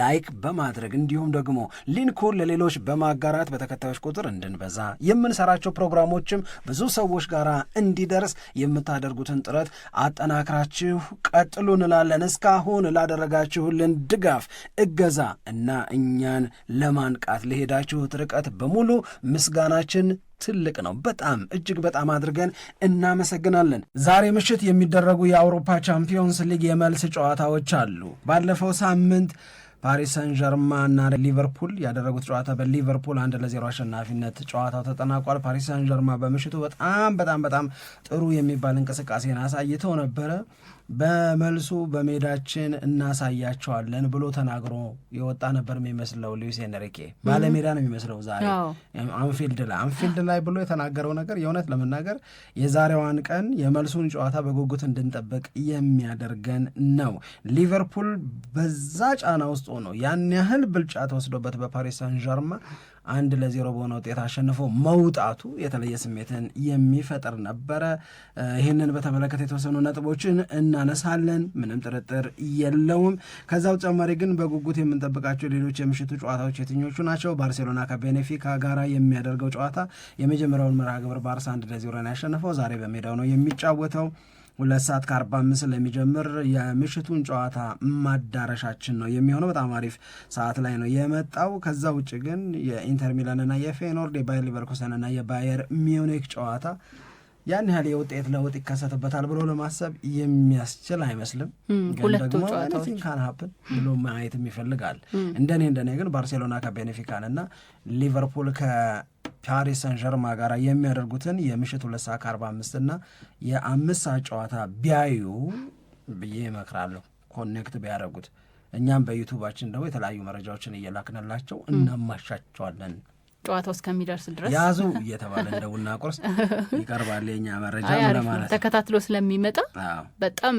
ላይክ በማድረግ እንዲሁም ደግሞ ሊንኩን ለሌሎች በማጋራት በተከታዮች ቁጥር እንድንበዛ የምንሰራቸው ፕሮግራሞችም ብዙ ሰዎች ጋር እንዲደርስ የምታደርጉትን ጥረት አጠናክራችሁ ቀጥሉ እንላለን። እስካሁን ላደረጋችሁልን ድጋፍ፣ እገዛ እና እኛን ለማንቃት ለሄዳችሁት ርቀት በሙሉ ምስጋናችን ትልቅ ነው። በጣም እጅግ በጣም አድርገን እናመሰግናለን። ዛሬ ምሽት የሚደረጉ የአውሮፓ ቻምፒዮንስ ሊግ የመልስ ጨዋታዎች አሉ። ባለፈው ሳምንት ፓሪስ ሰን ዠርማ እና ሊቨርፑል ያደረጉት ጨዋታ በሊቨርፑል አንድ ለዜሮ አሸናፊነት ጨዋታው ተጠናቋል። ፓሪስ ሰን ዠርማ በምሽቱ በጣም በጣም በጣም ጥሩ የሚባል እንቅስቃሴን አሳይተው ነበረ። በመልሱ በሜዳችን እናሳያቸዋለን ብሎ ተናግሮ የወጣ ነበር የሚመስለው ሉዊስ ኤንሪኬ። ባለሜዳ ነው የሚመስለው ዛሬ አንፊልድ ላይ አንፊልድ ላይ ብሎ የተናገረው ነገር የእውነት ለመናገር የዛሬዋን ቀን የመልሱን ጨዋታ በጉጉት እንድንጠበቅ የሚያደርገን ነው። ሊቨርፑል በዛ ጫና ውስጥ ተመስጦ ነው። ያን ያህል ብልጫ ተወስዶበት በፓሪስ ሳን ዣርማ አንድ ለዜሮ በሆነ ውጤት አሸንፎ መውጣቱ የተለየ ስሜትን የሚፈጥር ነበረ። ይህንን በተመለከተ የተወሰኑ ነጥቦችን እናነሳለን፣ ምንም ጥርጥር የለውም። ከዛ በተጨማሪ ግን በጉጉት የምንጠብቃቸው ሌሎች የምሽቱ ጨዋታዎች የትኞቹ ናቸው? ባርሴሎና ከቤኔፊካ ጋር የሚያደርገው ጨዋታ የመጀመሪያውን መርሃ ግብር ባርሳ አንድ ለዜሮ ያሸነፈው ዛሬ በሜዳው ነው የሚጫወተው። ሁለት ሰዓት ከአርባ አምስት ለሚጀምር የምሽቱን ጨዋታ ማዳረሻችን ነው የሚሆነው። በጣም አሪፍ ሰዓት ላይ ነው የመጣው። ከዛ ውጭ ግን የኢንተር ሚላንና የፌኖርድ የባየር ሊቨርኩሰንና የባየር ሚዩኒክ ጨዋታ ያን ያህል የውጤት ለውጥ ይከሰትበታል ብሎ ለማሰብ የሚያስችል አይመስልም። ግን ደግሞ ኒቲንግ ሀፕን ብሎ ማየትም ይፈልጋል። እንደኔ እንደኔ ግን ባርሴሎና ከቤኔፊካን እና ሊቨርፑል ከፓሪስ ሰን ዠርማ ጋር የሚያደርጉትን የምሽት ሁለት ሰዓት ከአርባ አምስት እና የአምስት ሰዓት ጨዋታ ቢያዩ ብዬ እመክራለሁ። ኮኔክት ቢያደርጉት እኛም በዩቱባችን ደግሞ የተለያዩ መረጃዎችን እየላክንላቸው እናማሻቸዋለን። ጨዋታው እስከሚደርስ ድረስ ያዙ እየተባለ እንደ ቡና ቁርስ ይቀርባል የኛ መረጃ ለማለት ተከታትሎ ስለሚመጣ በጣም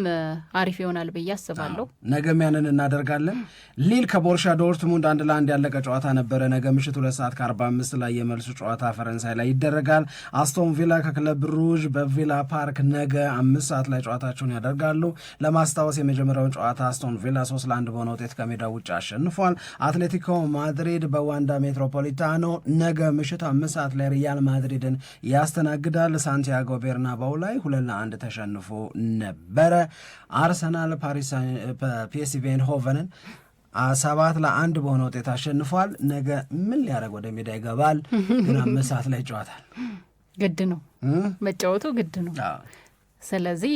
አሪፍ ይሆናል ብዬ አስባለሁ። ነገም ያንን እናደርጋለን። ሊል ከቦርሻ ዶርትሙንድ አንድ ለአንድ ያለቀ ጨዋታ ነበረ። ነገ ምሽት ሁለት ሰዓት ከአርባ አምስት ላይ የመልሱ ጨዋታ ፈረንሳይ ላይ ይደረጋል። አስቶን ቪላ ከክለብ ሩዥ በቪላ ፓርክ ነገ አምስት ሰዓት ላይ ጨዋታቸውን ያደርጋሉ። ለማስታወስ የመጀመሪያውን ጨዋታ አስቶን ቪላ ሶስት ለአንድ በሆነ ውጤት ከሜዳ ውጭ አሸንፏል። አትሌቲኮ ማድሪድ በዋንዳ ሜትሮፖሊታኖ ነገ ምሽት አምስት ሰዓት ላይ ሪያል ማድሪድን ያስተናግዳል። ሳንቲያጎ ቤርናባው ላይ ሁለት ለአንድ ተሸንፎ ነበረ። አርሰናል ፓሪስ ሆቨንን ሰባት ለአንድ በሆነ ውጤት አሸንፏል። ነገ ምን ሊያደርግ ወደ ሜዳ ይገባል? ግን አምስት ሰዓት ላይ ይጫወታል። ግድ ነው መጫወቱ ግድ ነው። ስለዚህ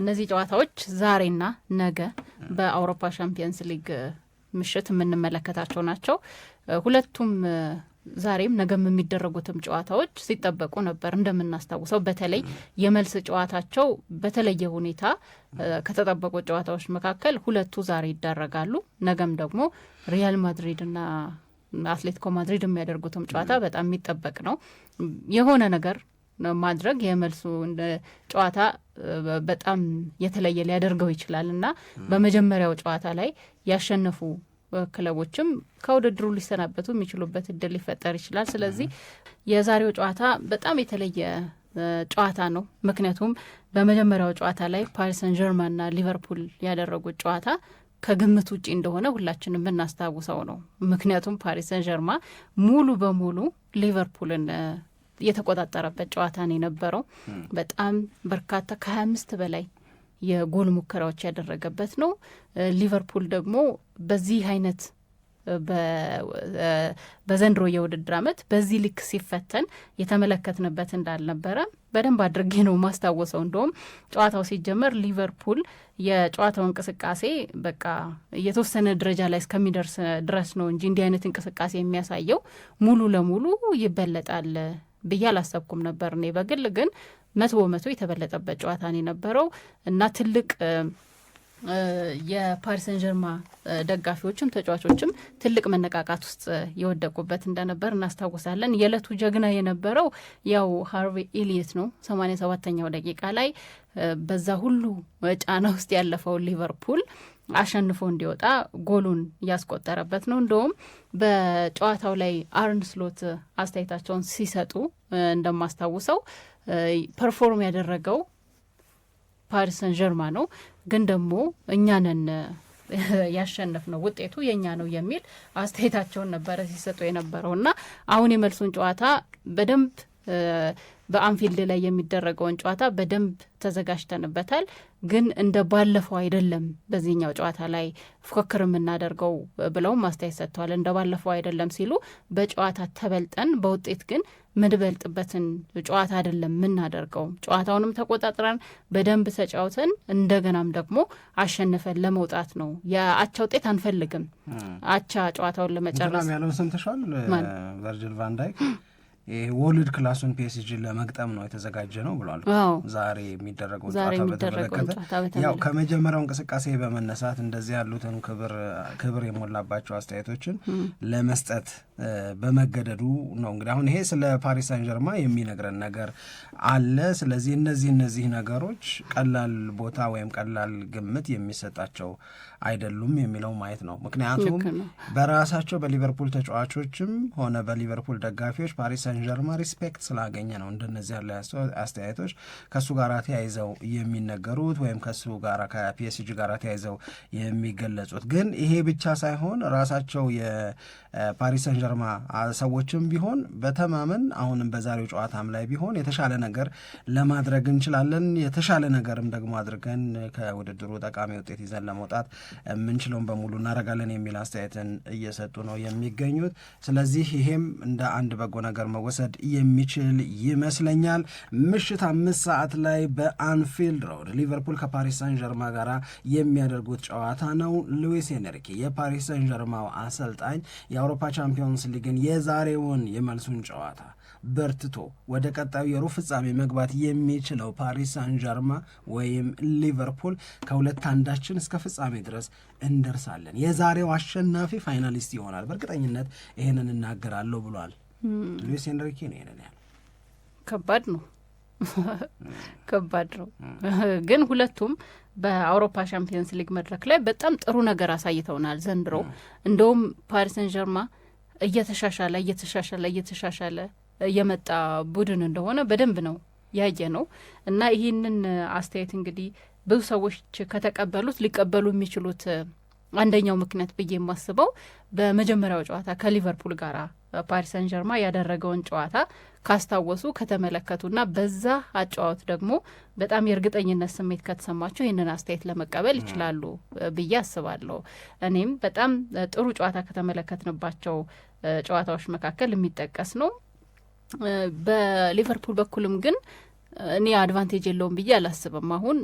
እነዚህ ጨዋታዎች ዛሬና ነገ በአውሮፓ ሻምፒየንስ ሊግ ምሽት የምንመለከታቸው ናቸው ሁለቱም ዛሬም ነገም የሚደረጉትም ጨዋታዎች ሲጠበቁ ነበር። እንደምናስታውሰው በተለይ የመልስ ጨዋታቸው በተለየ ሁኔታ ከተጠበቁ ጨዋታዎች መካከል ሁለቱ ዛሬ ይደረጋሉ። ነገም ደግሞ ሪያል ማድሪድና አትሌቲኮ ማድሪድ የሚያደርጉትም ጨዋታ በጣም የሚጠበቅ ነው። የሆነ ነገር ማድረግ የመልሱ ጨዋታ በጣም የተለየ ሊያደርገው ይችላል እና በመጀመሪያው ጨዋታ ላይ ያሸነፉ ክለቦችም ከውድድሩ ሊሰናበቱ የሚችሉበት እድል ሊፈጠር ይችላል። ስለዚህ የዛሬው ጨዋታ በጣም የተለየ ጨዋታ ነው። ምክንያቱም በመጀመሪያው ጨዋታ ላይ ፓሪስ ሰን ጀርማንና ሊቨርፑል ያደረጉት ጨዋታ ከግምት ውጪ እንደሆነ ሁላችንም የምናስታውሰው ነው። ምክንያቱም ፓሪስ ሰን ጀርማ ሙሉ በሙሉ ሊቨርፑልን የተቆጣጠረበት ጨዋታ ነው የነበረው። በጣም በርካታ ከሀያ አምስት በላይ የጎል ሙከራዎች ያደረገበት ነው። ሊቨርፑል ደግሞ በዚህ አይነት በዘንድሮ የውድድር ዓመት በዚህ ልክ ሲፈተን የተመለከትንበት እንዳልነበረ በደንብ አድርጌ ነው ማስታወሰው። እንደውም ጨዋታው ሲጀመር ሊቨርፑል የጨዋታው እንቅስቃሴ በቃ የተወሰነ ደረጃ ላይ እስከሚደርስ ድረስ ነው እንጂ እንዲህ አይነት እንቅስቃሴ የሚያሳየው ሙሉ ለሙሉ ይበለጣል ብዬ አላሰብኩም ነበር እኔ በግል ግን መቶ በመቶ የተበለጠበት ጨዋታ ነው የነበረው እና ትልቅ የፓሪሰን ጀርማ ደጋፊዎችም ተጫዋቾችም ትልቅ መነቃቃት ውስጥ የወደቁበት እንደነበር እናስታውሳለን። የዕለቱ ጀግና የነበረው ያው ሃርቪ ኢሊየት ነው። ሰማኒያ ሰባተኛው ደቂቃ ላይ በዛ ሁሉ ጫና ውስጥ ያለፈው ሊቨርፑል አሸንፎ እንዲወጣ ጎሉን ያስቆጠረበት ነው። እንደውም በጨዋታው ላይ አርን ስሎት አስተያየታቸውን ሲሰጡ እንደማስታውሰው ፐርፎርም ያደረገው ፓሪስ ጀርማ ነው። ግን ደግሞ እኛንን ያሸነፍ ነው ውጤቱ የእኛ ነው የሚል አስተያየታቸውን ነበረ ሲሰጡ የነበረው እና አሁን የመልሱን ጨዋታ በደንብ በአንፊልድ ላይ የሚደረገውን ጨዋታ በደንብ ተዘጋጅተንበታል። ግን እንደ ባለፈው አይደለም በዚህኛው ጨዋታ ላይ ፉክክር የምናደርገው ብለውም አስተያየት ሰጥተዋል። እንደ ባለፈው አይደለም ሲሉ በጨዋታ ተበልጠን በውጤት ግን ምንበልጥበትን ጨዋታ አይደለም የምናደርገው። ጨዋታውንም ተቆጣጥረን በደንብ ተጫውተን እንደገናም ደግሞ አሸንፈን ለመውጣት ነው። የአቻ ውጤት አንፈልግም። አቻ ጨዋታውን ለመጨረስ ያለውን ሰምተሻል ቨርጅል ቫን የወርልድ ክላሱን ፒኤስጂ ለመግጠም ነው የተዘጋጀ ነው ብሏል። ዛሬ የሚደረገው ጨዋታ በተመለከተ ያው ከመጀመሪያው እንቅስቃሴ በመነሳት እንደዚህ ያሉትን ክብር የሞላባቸው አስተያየቶችን ለመስጠት በመገደዱ ነው። እንግዲህ አሁን ይሄ ስለ ፓሪስ ሳን ጀርማ የሚነግረን ነገር አለ። ስለዚህ እነዚህ እነዚህ ነገሮች ቀላል ቦታ ወይም ቀላል ግምት የሚሰጣቸው አይደሉም የሚለው ማየት ነው። ምክንያቱም በራሳቸው በሊቨርፑል ተጫዋቾችም ሆነ በሊቨርፑል ደጋፊዎች ፓሪስ ሰንጀርማ ሪስፔክት ስላገኘ ነው እንደነዚህ ያለ አስተያየቶች ከእሱ ጋር ተያይዘው የሚነገሩት ወይም ከእሱ ጋር ከፒኤስጂ ጋር ተያይዘው የሚገለጹት። ግን ይሄ ብቻ ሳይሆን ራሳቸው የፓሪስ ሰንጀርማ ሰዎችም ቢሆን በተማመን አሁንም በዛሬው ጨዋታም ላይ ቢሆን የተሻለ ነገር ለማድረግ እንችላለን የተሻለ ነገርም ደግሞ አድርገን ከውድድሩ ጠቃሚ ውጤት ይዘን ለመውጣት የምንችለውን በሙሉ እናደርጋለን የሚል አስተያየትን እየሰጡ ነው የሚገኙት። ስለዚህ ይሄም እንደ አንድ በጎ ነገር መወሰድ የሚችል ይመስለኛል። ምሽት አምስት ሰዓት ላይ በአንፊልድ ሮድ ሊቨርፑል ከፓሪስ ሳን ጀርማ ጋር የሚያደርጉት ጨዋታ ነው። ሉዊስ ኤንሪኬ የፓሪስ ሳን ጀርማው አሰልጣኝ የአውሮፓ ቻምፒዮንስ ሊግን የዛሬውን የመልሱን ጨዋታ በርትቶ ወደ ቀጣዩ የሩብ ፍጻሜ መግባት የሚችለው ፓሪስ ሳን ጀርማ ወይም ሊቨርፑል ከሁለት አንዳችን እስከ ፍጻሜ ድረስ እንደርሳለን፣ የዛሬው አሸናፊ ፋይናሊስት ይሆናል፣ በእርግጠኝነት ይህንን እናገራለሁ ብሏል። ሉዊስ hmm. ኤንሪኬ ነው ይሄንን ከባድ ነው ከባድ ነው። hmm. ግን ሁለቱም በአውሮፓ ሻምፒየንስ ሊግ መድረክ ላይ በጣም ጥሩ ነገር አሳይተውናል ዘንድሮ። hmm. እንደውም ፓሪስ ሰን ጀርማ እየተሻሻለ እየተሻሻለ እየተሻሻለ የመጣ ቡድን እንደሆነ በደንብ ነው ያየ ነው እና ይህንን አስተያየት እንግዲህ ብዙ ሰዎች ከተቀበሉት ሊቀበሉ የሚችሉት አንደኛው ምክንያት ብዬ የማስበው በመጀመሪያው ጨዋታ ከሊቨርፑል ጋር ፓሪስ ሰን ጀርማ ያደረገውን ጨዋታ ካስታወሱ ከተመለከቱና በዛ አጨዋወት ደግሞ በጣም የእርግጠኝነት ስሜት ከተሰማቸው ይህንን አስተያየት ለመቀበል ይችላሉ ብዬ አስባለሁ። እኔም በጣም ጥሩ ጨዋታ ከተመለከትንባቸው ጨዋታዎች መካከል የሚጠቀስ ነው። በሊቨርፑል በኩልም ግን እኔ አድቫንቴጅ የለውም ብዬ አላስብም። አሁን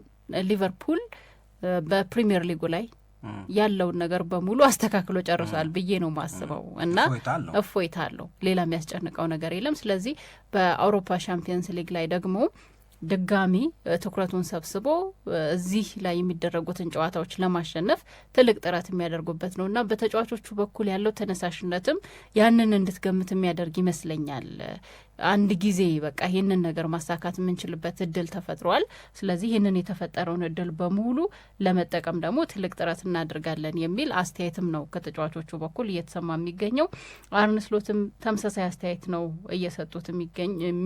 ሊቨርፑል በፕሪሚየር ሊጉ ላይ ያለውን ነገር በሙሉ አስተካክሎ ጨርሷል ብዬ ነው ማስበው እና እፎይታ አለው። ሌላ የሚያስጨንቀው ነገር የለም። ስለዚህ በአውሮፓ ሻምፒየንስ ሊግ ላይ ደግሞ ድጋሚ ትኩረቱን ሰብስቦ እዚህ ላይ የሚደረጉትን ጨዋታዎች ለማሸነፍ ትልቅ ጥረት የሚያደርጉበት ነው እና በተጫዋቾቹ በኩል ያለው ተነሳሽነትም ያንን እንድትገምት የሚያደርግ ይመስለኛል። አንድ ጊዜ በቃ ይህንን ነገር ማሳካት የምንችልበት እድል ተፈጥሯል። ስለዚህ ይህንን የተፈጠረውን እድል በሙሉ ለመጠቀም ደግሞ ትልቅ ጥረት እናደርጋለን የሚል አስተያየትም ነው ከተጫዋቾቹ በኩል እየተሰማ የሚገኘው። አርነ ስሎትም ተመሳሳይ አስተያየት ነው እየሰጡት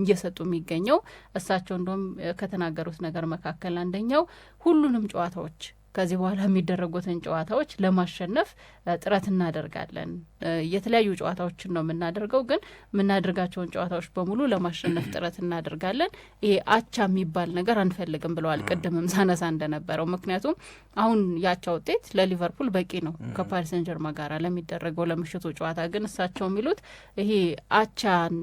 እየሰጡ የሚገኘው። እሳቸው እንደም ከተናገሩት ነገር መካከል አንደኛው ሁሉንም ጨዋታዎች ከዚህ በኋላ የሚደረጉትን ጨዋታዎች ለማሸነፍ ጥረት እናደርጋለን። የተለያዩ ጨዋታዎችን ነው የምናደርገው፣ ግን የምናደርጋቸውን ጨዋታዎች በሙሉ ለማሸነፍ ጥረት እናደርጋለን። ይሄ አቻ የሚባል ነገር አንፈልግም ብለዋል። ቅድምም ሳነሳ እንደነበረው ምክንያቱም አሁን የአቻ ውጤት ለሊቨርፑል በቂ ነው ከፓሪስ ጀርማ ጋር ለሚደረገው ለምሽቱ ጨዋታ። ግን እሳቸው የሚሉት ይሄ አቻን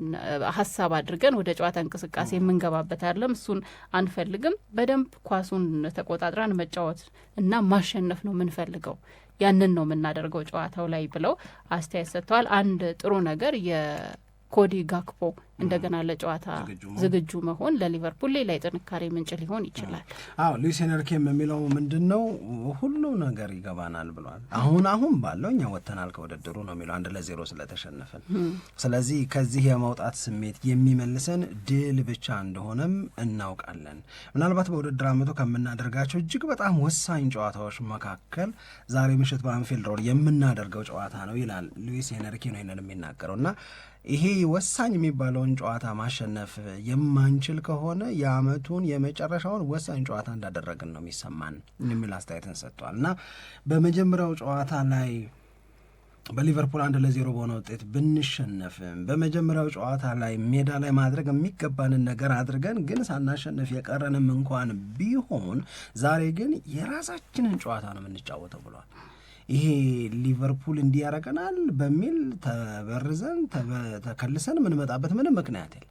ሀሳብ አድርገን ወደ ጨዋታ እንቅስቃሴ የምንገባበት አይደለም። እሱን አንፈልግም። በደንብ ኳሱን ተቆጣጥረን መጫወት እና ማሸነፍ ነው የምንፈልገው ያንን ነው የምናደርገው ጨዋታው ላይ ብለው አስተያየት ሰጥተዋል። አንድ ጥሩ ነገር የኮዲ ጋክፖ እንደገና ለጨዋታ ዝግጁ መሆን ለሊቨርፑል ሌላ የጥንካሬ ምንጭ ሊሆን ይችላል። አዎ ሉዊስ ኤንሪኬም የሚለው ምንድን ነው ሁሉ ነገር ይገባናል ብሏል። አሁን አሁን ባለው እኛ ወተናል ከውድድሩ ነው የሚለው አንድ ለዜሮ ስለተሸነፍን። ስለዚህ ከዚህ የመውጣት ስሜት የሚመልሰን ድል ብቻ እንደሆነም እናውቃለን። ምናልባት በውድድር ዓመቱ ከምናደርጋቸው እጅግ በጣም ወሳኝ ጨዋታዎች መካከል ዛሬ ምሽት በአንፊልድ ሮድ የምናደርገው ጨዋታ ነው ይላል ሉዊስ ኤንሪኬ ነው ይንን የሚናገረው እና ይሄ ወሳኝ የሚባለውን የቀሩን ጨዋታ ማሸነፍ የማንችል ከሆነ የአመቱን የመጨረሻውን ወሳኝ ጨዋታ እንዳደረግን ነው የሚሰማን የሚል አስተያየትን ሰጥቷል እና በመጀመሪያው ጨዋታ ላይ በሊቨርፑል አንድ ለዜሮ በሆነ ውጤት ብንሸነፍም በመጀመሪያው ጨዋታ ላይ ሜዳ ላይ ማድረግ የሚገባንን ነገር አድርገን ግን ሳናሸነፍ የቀረንም እንኳን ቢሆን ዛሬ ግን የራሳችንን ጨዋታ ነው የምንጫወተው ብሏል። ይሄ ሊቨርፑል እንዲያረቀናል በሚል ተበርዘን ተከልሰን የምንመጣበት ምንም ምክንያት የለ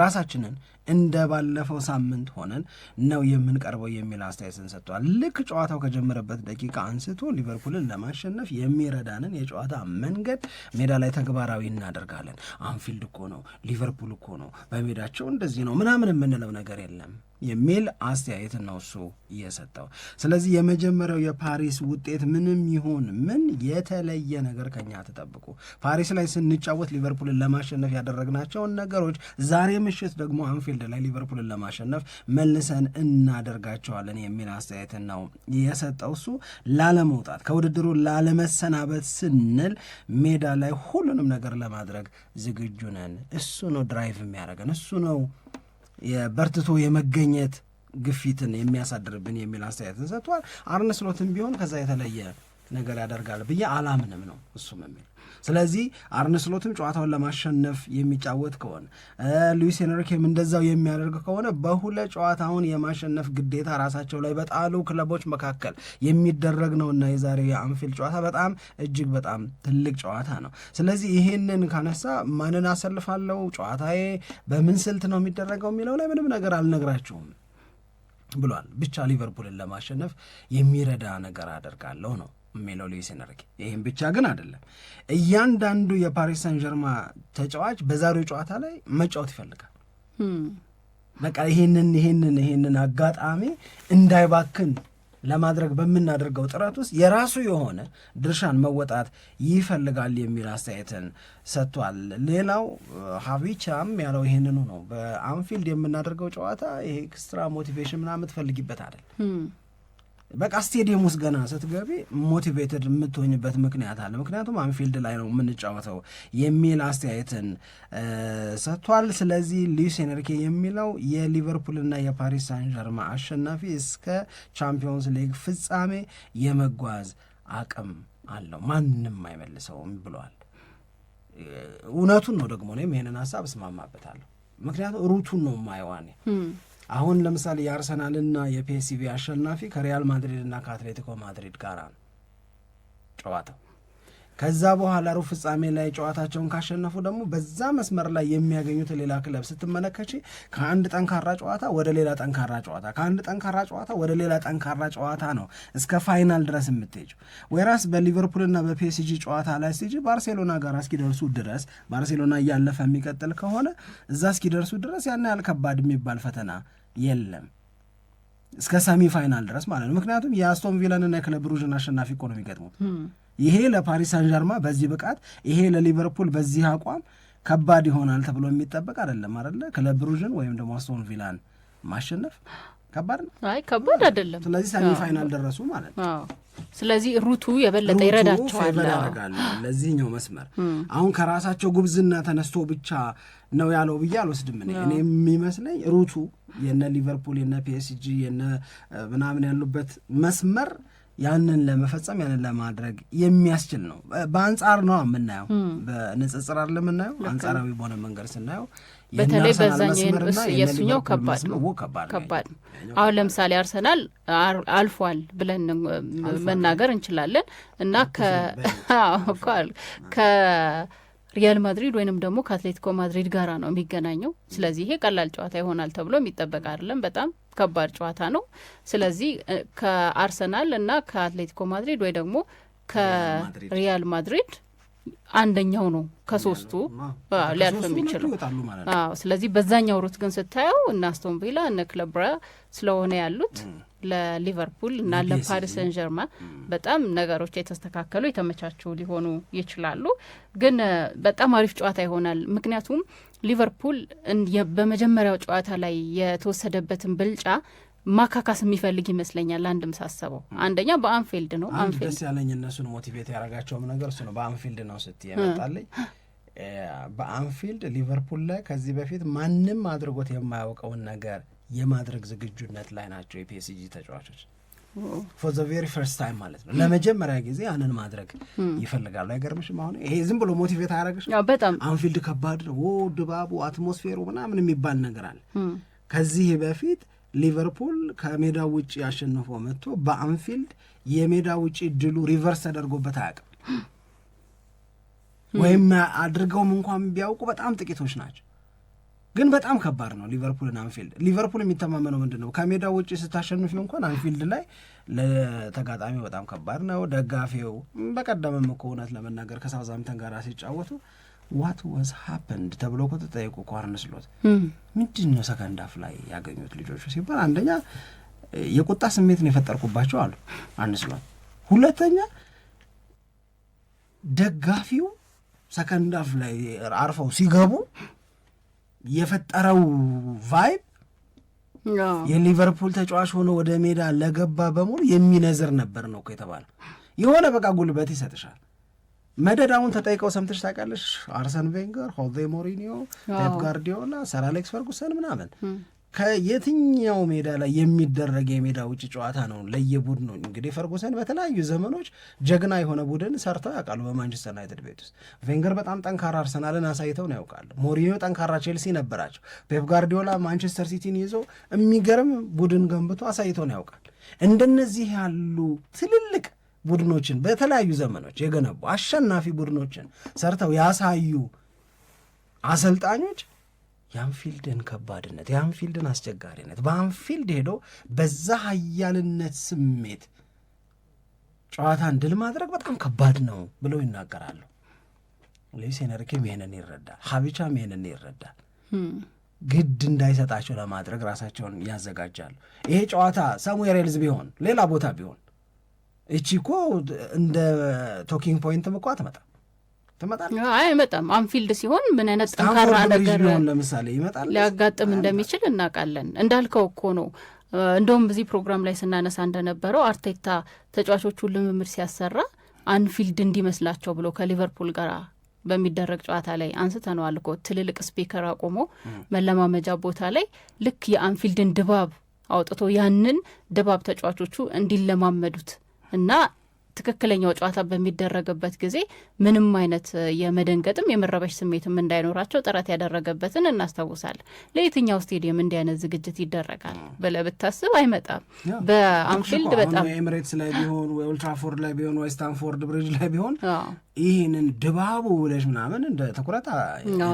ራሳችንን እንደ ባለፈው ሳምንት ሆነን ነው የምንቀርበው የሚል አስተያየትን ሰጥቷል። ልክ ጨዋታው ከጀመረበት ደቂቃ አንስቶ ሊቨርፑልን ለማሸነፍ የሚረዳንን የጨዋታ መንገድ ሜዳ ላይ ተግባራዊ እናደርጋለን። አንፊልድ እኮ ነው፣ ሊቨርፑል እኮ ነው፣ በሜዳቸው እንደዚህ ነው ምናምን የምንለው ነገር የለም። የሚል አስተያየት ነው እሱ እየሰጠው። ስለዚህ የመጀመሪያው የፓሪስ ውጤት ምንም ይሁን ምን የተለየ ነገር ከኛ ተጠብቁ። ፓሪስ ላይ ስንጫወት ሊቨርፑልን ለማሸነፍ ያደረግናቸውን ነገሮች ዛሬ ምሽት ደግሞ አንፊልድ ላይ ሊቨርፑልን ለማሸነፍ መልሰን እናደርጋቸዋለን የሚል አስተያየት ነው የሰጠው። እሱ ላለመውጣት ከውድድሩ ላለመሰናበት ስንል ሜዳ ላይ ሁሉንም ነገር ለማድረግ ዝግጁ ነን። እሱ ነው ድራይቭ የሚያደርገን እሱ ነው የበርትቶ የመገኘት ግፊትን የሚያሳድርብን የሚል አስተያየትን ሰጥቷል። አርነ ስሎትም ቢሆን ከዛ የተለየ ነገር ያደርጋል ብዬ አላምንም ነው እሱም የሚል ስለዚህ አርነስሎትም ጨዋታውን ለማሸነፍ የሚጫወት ከሆነ ሉዊስ ሄንሪኬም እንደዛው የሚያደርግ ከሆነ በሁለት ጨዋታውን የማሸነፍ ግዴታ ራሳቸው ላይ በጣሉ ክለቦች መካከል የሚደረግ ነውና የዛሬው የአንፊልድ ጨዋታ በጣም እጅግ በጣም ትልቅ ጨዋታ ነው። ስለዚህ ይህንን ካነሳ ማንን አሰልፋለው ጨዋታዬ በምን ስልት ነው የሚደረገው የሚለው ላይ ምንም ነገር አልነግራችሁም ብሏል። ብቻ ሊቨርፑልን ለማሸነፍ የሚረዳ ነገር አደርጋለሁ ነው የሚለው ሉዊስ ኤንሪኬ። ይህም ብቻ ግን አይደለም። እያንዳንዱ የፓሪስ ሳን ጀርማ ተጫዋች በዛሬው ጨዋታ ላይ መጫወት ይፈልጋል። hmm. በቃ ይሄንን ይሄንን ይሄንን አጋጣሚ እንዳይባክን ለማድረግ በምናደርገው ጥረት ውስጥ የራሱ የሆነ ድርሻን መወጣት ይፈልጋል የሚል አስተያየትን ሰጥቷል። ሌላው ሀቪቻም ያለው ይሄንኑ ነው። በአንፊልድ የምናደርገው ጨዋታ ይሄ ኤክስትራ ሞቲቬሽን ምናምን ትፈልጊበት አይደል hmm. በቃ ስቴዲየም ውስጥ ገና ስትገቢ ሞቲቬትድ የምትሆኝበት ምክንያት አለ። ምክንያቱም አንፊልድ ላይ ነው የምንጫወተው የሚል አስተያየትን ሰጥቷል። ስለዚህ ሉዊስ ኤንሪኬ የሚለው የሊቨርፑልና የፓሪስ ሳን ዠርማ አሸናፊ እስከ ቻምፒዮንስ ሊግ ፍጻሜ የመጓዝ አቅም አለው ማንም አይመልሰውም ብለዋል። እውነቱን ነው ደግሞ እኔም ይህንን ሀሳብ እስማማበታለሁ። ምክንያቱም ሩቱን ነው ማየዋኔ አሁን ለምሳሌ የአርሰናልና የፒኤስቪ አሸናፊ ከሪያል ማድሪድ እና ከአትሌቲኮ ማድሪድ ጋር ነው ጨዋታው። ከዛ በኋላ ሩብ ፍጻሜ ላይ ጨዋታቸውን ካሸነፉ ደግሞ በዛ መስመር ላይ የሚያገኙት ሌላ ክለብ ስትመለከች ከአንድ ጠንካራ ጨዋታ ወደ ሌላ ጠንካራ ጨዋታ ከአንድ ጠንካራ ጨዋታ ወደ ሌላ ጠንካራ ጨዋታ ነው እስከ ፋይናል ድረስ የምትሄጂው። ወይራስ በሊቨርፑልና በፒኤስጂ ጨዋታ ላይ ሲጂ ባርሴሎና ጋር እስኪደርሱ ድረስ ባርሴሎና እያለፈ የሚቀጥል ከሆነ እዛ እስኪደርሱ ድረስ ያን ያህል ከባድ የሚባል ፈተና የለም እስከ ሰሚ ፋይናል ድረስ ማለት ነው። ምክንያቱም የአስቶን ቪላንና የክለብ ሩዥን አሸናፊ እኮ ነው የሚገጥሙት ይሄ ለፓሪስ ሳንጀርማ በዚህ ብቃት፣ ይሄ ለሊቨርፑል በዚህ አቋም ከባድ ይሆናል ተብሎ የሚጠበቅ አይደለም አለ ክለብ ብሩዥን ወይም ደግሞ አስቶን ቪላን ማሸነፍ ከባድ ነው። አይ ከባድ አይደለም። ስለዚህ ሰሚ ፋይናል ደረሱ ማለት ነው። ስለዚህ ሩቱ የበለጠ ይረዳቸዋል ለዚህኛው መስመር። አሁን ከራሳቸው ጉብዝና ተነስቶ ብቻ ነው ያለው ብዬ አልወስድም። እኔ የሚመስለኝ ሩቱ የነ ሊቨርፑል የነ ፒኤስጂ የነ ምናምን ያሉበት መስመር ያንን ለመፈጸም ያንን ለማድረግ የሚያስችል ነው። በአንጻር ነው የምናየው፣ በንጽጽር አለ የምናየው። አንጻራዊ በሆነ መንገድ ስናየው በተለይ በዛኛው የእሱኛው ከባድ ነው ከባድ ነው። አሁን ለምሳሌ አርሰናል አልፏል ብለን መናገር እንችላለን እና ከ ሪያል ማድሪድ ወይንም ደግሞ ከአትሌቲኮ ማድሪድ ጋራ ነው የሚገናኘው። ስለዚህ ይሄ ቀላል ጨዋታ ይሆናል ተብሎ የሚጠበቅ አይደለም። በጣም ከባድ ጨዋታ ነው። ስለዚህ ከአርሰናል እና ከአትሌቲኮ ማድሪድ ወይ ደግሞ ከሪያል ማድሪድ አንደኛው ነው ከሶስቱ ሊያልፍ የሚችለው። ስለዚህ በዛኛው ሩት ግን ስታየው እነ አስቶን ቪላ እነ ስለሆነ ያሉት ለሊቨርፑል እና ለፓሪስ ጀርማ በጣም ነገሮች የተስተካከሉ የተመቻቸው ሊሆኑ ይችላሉ። ግን በጣም አሪፍ ጨዋታ ይሆናል። ምክንያቱም ሊቨርፑል በመጀመሪያው ጨዋታ ላይ የተወሰደበትን ብልጫ ማካካስ የሚፈልግ ይመስለኛል። አንድም ሳሰበው አንደኛ በአንፊልድ ነው። አንድ ደስ ያለኝ እነሱን ሞቲቬት ያደረጋቸውም ነገር እሱ ነው። በአንፊልድ ነው ስት የመጣለኝ በአንፊልድ ሊቨርፑል ላይ ከዚህ በፊት ማንም አድርጎት የማያውቀውን ነገር የማድረግ ዝግጁነት ላይ ናቸው የፒኤስጂ ተጫዋቾች ፎር ዘ ቬሪ ፈርስት ታይም ማለት ነው። ለመጀመሪያ ጊዜ ያንን ማድረግ ይፈልጋሉ። አይገርምሽም? አሁን ይሄ ዝም ብሎ ሞቲቬት አያደረግሽ? በጣም አንፊልድ ከባድ ነው፣ ድባቡ፣ አትሞስፌሩ ምናምን የሚባል ነገር አለ ከዚህ በፊት ሊቨርፑል ከሜዳ ውጭ አሸንፎ መጥቶ በአንፊልድ የሜዳ ውጭ ድሉ ሪቨርስ ተደርጎበት አያውቅም። ወይም አድርገውም እንኳን ቢያውቁ በጣም ጥቂቶች ናቸው። ግን በጣም ከባድ ነው ሊቨርፑልን አንፊልድ። ሊቨርፑል የሚተማመነው ምንድን ነው? ከሜዳ ውጭ ስታሸንፊ እንኳን አንፊልድ ላይ ለተጋጣሚው በጣም ከባድ ነው። ደጋፊው በቀደምም እኮ እውነት ለመናገር ከሳውዛምተን ጋር ሲጫወቱ ዋት ዋዝ ሀፐንድ ተብሎ እኮ ተጠየቁ እኮ አርነ ስሎት። ምንድን ነው ሰከንድ አፍ ላይ ያገኙት ልጆቹ ሲባል አንደኛ የቁጣ ስሜት ነው የፈጠርኩባቸው አሉ አርነ ስሎት። ሁለተኛ ደጋፊው ሰከንድ አፍ ላይ አርፈው ሲገቡ የፈጠረው ቫይብ የሊቨርፑል ተጫዋች ሆኖ ወደ ሜዳ ለገባ በሙሉ የሚነዝር ነበር ነው እኮ የተባለ የሆነ በቃ ጉልበት ይሰጥሻል መደዳውን ተጠይቀው ሰምተሽ ታውቃለሽ? አርሰን ቬንገር፣ ሆዜ ሞሪኒዮ፣ ፔፕ ጋርዲዮላ፣ ሰር አሌክስ ፈርጉሰን ምናምን ከየትኛው ሜዳ ላይ የሚደረግ የሜዳ ውጭ ጨዋታ ነው ለየቡድኑ። እንግዲህ ፈርጉሰን በተለያዩ ዘመኖች ጀግና የሆነ ቡድን ሰርተው ያውቃሉ በማንቸስተር ዩናይትድ ቤት ውስጥ። ቬንገር በጣም ጠንካራ አርሰናልን አሳይተው ነው ያውቃሉ። ሞሪኒዮ ጠንካራ ቼልሲ ነበራቸው። ፔፕ ጋርዲዮላ ማንቸስተር ሲቲን ይዞ የሚገርም ቡድን ገንብቶ አሳይተው ነው ያውቃል። እንደነዚህ ያሉ ትልልቅ ቡድኖችን በተለያዩ ዘመኖች የገነቡ አሸናፊ ቡድኖችን ሰርተው ያሳዩ አሰልጣኞች የአንፊልድን ከባድነት የአንፊልድን አስቸጋሪነት በአንፊልድ ሄዶ በዛ ሀያልነት ስሜት ጨዋታን ድል ማድረግ በጣም ከባድ ነው ብለው ይናገራሉ። ሉዊስ ኤንሪኬም ይሄንን ይረዳል፣ ሀቢቻም ይሄንን ይረዳል። ግድ እንዳይሰጣቸው ለማድረግ ራሳቸውን ያዘጋጃሉ። ይሄ ጨዋታ ሳሙኤል ኤልዝ ቢሆን ሌላ ቦታ ቢሆን እቺ እኮ እንደ ቶኪንግ ፖይንት እኮ አትመጣም ትመጣለች። አይ መጣም አንፊልድ ሲሆን ምን አይነት ጠንካራ ነገር ለምሳሌ ይመጣል ሊያጋጥም እንደሚችል እናውቃለን። እንዳልከው እኮ ነው። እንደውም በዚህ ፕሮግራም ላይ ስናነሳ እንደነበረው አርቴታ ተጫዋቾቹን ልምምድ ሲያሰራ አንፊልድ እንዲመስላቸው ብሎ ከሊቨርፑል ጋር በሚደረግ ጨዋታ ላይ አንስተነዋል እኮ ትልልቅ ስፒከር አቆሞ መለማመጃ ቦታ ላይ ልክ የአንፊልድን ድባብ አውጥቶ ያንን ድባብ ተጫዋቾቹ እንዲለማመዱት እና ትክክለኛው ጨዋታ በሚደረግበት ጊዜ ምንም አይነት የመደንገጥም የመረበሽ ስሜትም እንዳይኖራቸው ጥረት ያደረገበትን እናስታውሳለን። ለየትኛው ስቴዲየም እንዲህ አይነት ዝግጅት ይደረጋል ብለህ ብታስብ አይመጣም። በአንፊልድ በጣም ኤምሬትስ ላይ ቢሆን ወይ ኦልትራፎርድ ላይ ቢሆን ወይ ስታንፎርድ ብሪጅ ላይ ቢሆን ይህንን ድባቡ ብለሽ ምናምን እንደ ትኩረት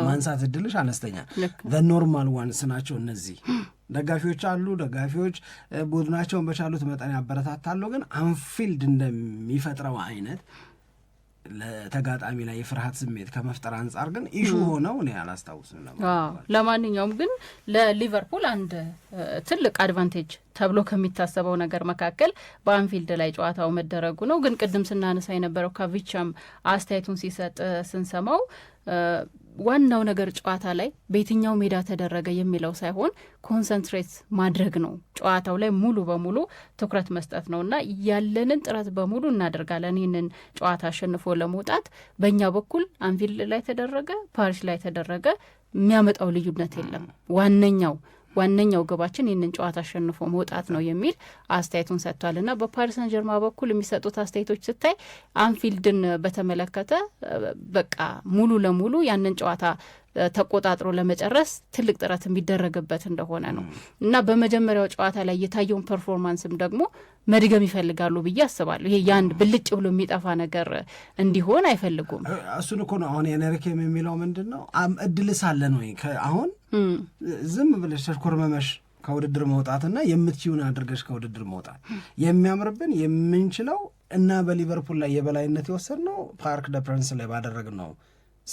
ማንሳት እድልሽ አነስተኛ። ኖርማል ዋንስ ናቸው እነዚህ ደጋፊዎች አሉ። ደጋፊዎች ቡድናቸውን በቻሉት መጠን ያበረታታሉ። ግን አንፊልድ እንደሚፈጥረው አይነት ለተጋጣሚ ላይ የፍርሃት ስሜት ከመፍጠር አንጻር ግን ኢሹ ሆነው እኔ አላስታውስም። ለማንኛውም ግን ለሊቨርፑል አንድ ትልቅ አድቫንቴጅ ተብሎ ከሚታሰበው ነገር መካከል በአንፊልድ ላይ ጨዋታው መደረጉ ነው። ግን ቅድም ስናነሳ የነበረው ካቪቻም አስተያየቱን ሲሰጥ ስንሰማው ዋናው ነገር ጨዋታ ላይ በየትኛው ሜዳ ተደረገ የሚለው ሳይሆን ኮንሰንትሬት ማድረግ ነው። ጨዋታው ላይ ሙሉ በሙሉ ትኩረት መስጠት ነው እና ያለንን ጥረት በሙሉ እናደርጋለን ይህንን ጨዋታ አሸንፎ ለመውጣት። በእኛ በኩል አንፊልድ ላይ ተደረገ፣ ፓሪስ ላይ ተደረገ፣ የሚያመጣው ልዩነት የለም ዋነኛው ዋነኛው ግባችን ይህንን ጨዋታ አሸንፎ መውጣት ነው የሚል አስተያየቱን ሰጥቷል። እና በፓሪሰን ጀርማ በኩል የሚሰጡት አስተያየቶች ስታይ አንፊልድን በተመለከተ በቃ ሙሉ ለሙሉ ያንን ጨዋታ ተቆጣጥሮ ለመጨረስ ትልቅ ጥረት የሚደረግበት እንደሆነ ነው እና በመጀመሪያው ጨዋታ ላይ የታየውን ፐርፎርማንስም ደግሞ መድገም ይፈልጋሉ ብዬ አስባለሁ። ይሄ የአንድ ብልጭ ብሎ የሚጠፋ ነገር እንዲሆን አይፈልጉም። እሱን እኮ ነው አሁን የነርኬም የሚለው ምንድን ነው እድል ሳለን ወይ አሁን ዝም ብለሽ መመሽ ከውድድር መውጣትና የምትችውን አድርገሽ ከውድድር መውጣት የሚያምርብን የምንችለው እና በሊቨርፑል ላይ የበላይነት የወሰድ ነው ፓርክ ደ ፕረንስ ላይ ባደረግ ነው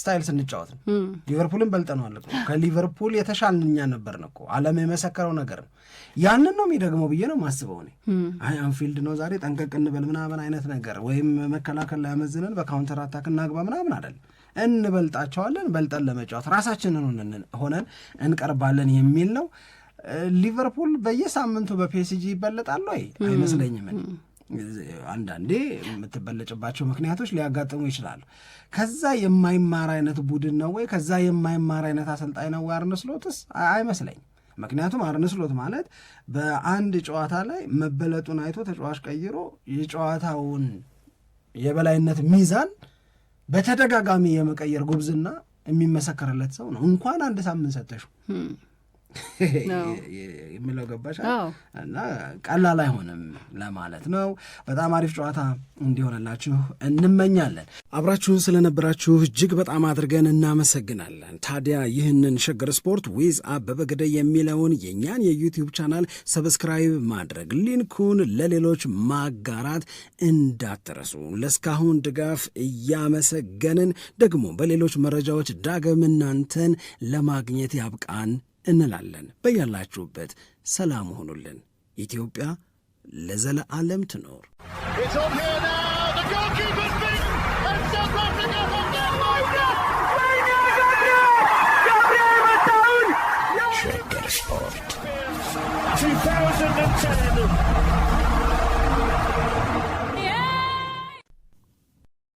ስታይል ስንጫወት ነው። ሊቨርፑልን በልጠነዋል እኮ ከሊቨርፑል የተሻልን እኛ ነበርን እኮ ዓለም የመሰከረው ነገር ነው። ያንን ነው የሚደግመው ብዬ ነው ማስበው እኔ። አይ አንፊልድ ነው ዛሬ ጠንቀቅ እንበል ምናምን አይነት ነገር ወይም መከላከል ላይ ያመዝነን በካውንተር አታክ እናግባ ምናምን አይደለም። እንበልጣቸዋለን፣ በልጠን ለመጫወት ራሳችንን ሆነን እንቀርባለን የሚል ነው። ሊቨርፑል በየሳምንቱ በፒኤስጂ ይበለጣሉ ወይ? አይመስለኝም። አንዳንዴ የምትበለጭባቸው ምክንያቶች ሊያጋጥሙ ይችላሉ። ከዛ የማይማር አይነት ቡድን ነው ወይ ከዛ የማይማር አይነት አሰልጣኝ ነው ወይ አርነ ስሎትስ? ምክንያቱም አርነስሎት ማለት በአንድ ጨዋታ ላይ መበለጡን አይቶ ተጫዋች ቀይሮ የጨዋታውን የበላይነት ሚዛን በተደጋጋሚ የመቀየር ጉብዝና የሚመሰከርለት ሰው ነው። እንኳን አንድ ሳምንት ሰጠሹ የሚለው ገባሻ እና ቀላል አይሆንም ለማለት ነው። በጣም አሪፍ ጨዋታ እንዲሆንላችሁ እንመኛለን። አብራችሁን ስለነበራችሁ እጅግ በጣም አድርገን እናመሰግናለን። ታዲያ ይህንን ሸገር ስፖርት ዊዝ አበበ ግደይ የሚለውን የእኛን የዩቲዩብ ቻናል ሰብስክራይብ ማድረግ፣ ሊንኩን ለሌሎች ማጋራት እንዳትረሱ። ለእስካሁን ድጋፍ እያመሰገንን ደግሞ በሌሎች መረጃዎች ዳግም እናንተን ለማግኘት ያብቃን እንላለን። በያላችሁበት ሰላም ሆኑልን። ኢትዮጵያ ለዘለ ለዘለዓለም ትኖር።